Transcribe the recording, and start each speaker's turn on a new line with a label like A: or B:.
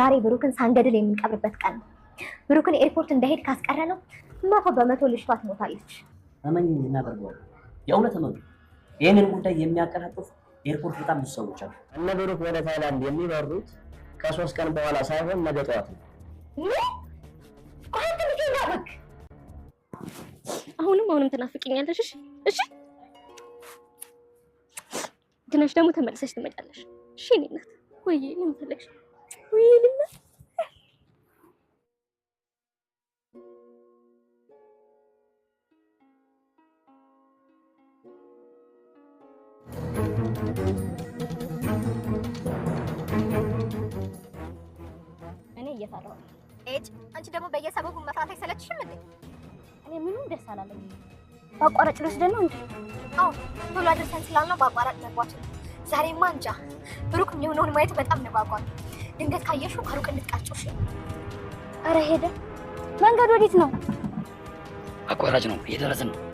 A: ዛሬ ብሩክን ሳንገድል የምንቀብርበት ቀን ነው። ብሩክን ኤርፖርት እንዳይሄድ ካስቀረ ነው መቶ በመቶ ልጅቷ ትሞታለች።
B: እመኝ እናደርገዋለን። የእውነት እመኑ። ይህንን ጉዳይ የሚያቀላጥፍ ኤርፖርት በጣም ብዙ ሰዎች አሉ።
C: እነ ብሩክ ወደ ታይላንድ የሚበሩት ከሶስት ቀን በኋላ ሳይሆን ነገ ጠዋት ነው።
D: አሁንም አሁንም ትናፍቅኛለሽ። እሺ እሺ፣ ግናሽ ደግሞ ተመልሰሽ ትመጫለሽ። እሺ እኔ እናት ወይ ምን ፈለግሽ? እኔ
E: እየፈራሁ
A: ኤጅ አንቺ ደግሞ በየሰበቡ መፍራት አይሰለችሽም እንዴ?
E: እኔ ምንም ደስ አላለኝ። በአቋራጭ ልወስደን ነው እንዴ?
A: አዎ ቶሎ አድርሰን ስላልነው በአቋራጭ መግባት ዛሬማ እንጃ ብሩክ የሚሆነውን ማየት በጣም ነው ድንገት ካየሽው ከሩቅ እንድትቃጭሽ።
E: አረ ሄደ። መንገድ ወዴት ነው?
B: አቋራጭ ነው። እየደረስን ነው።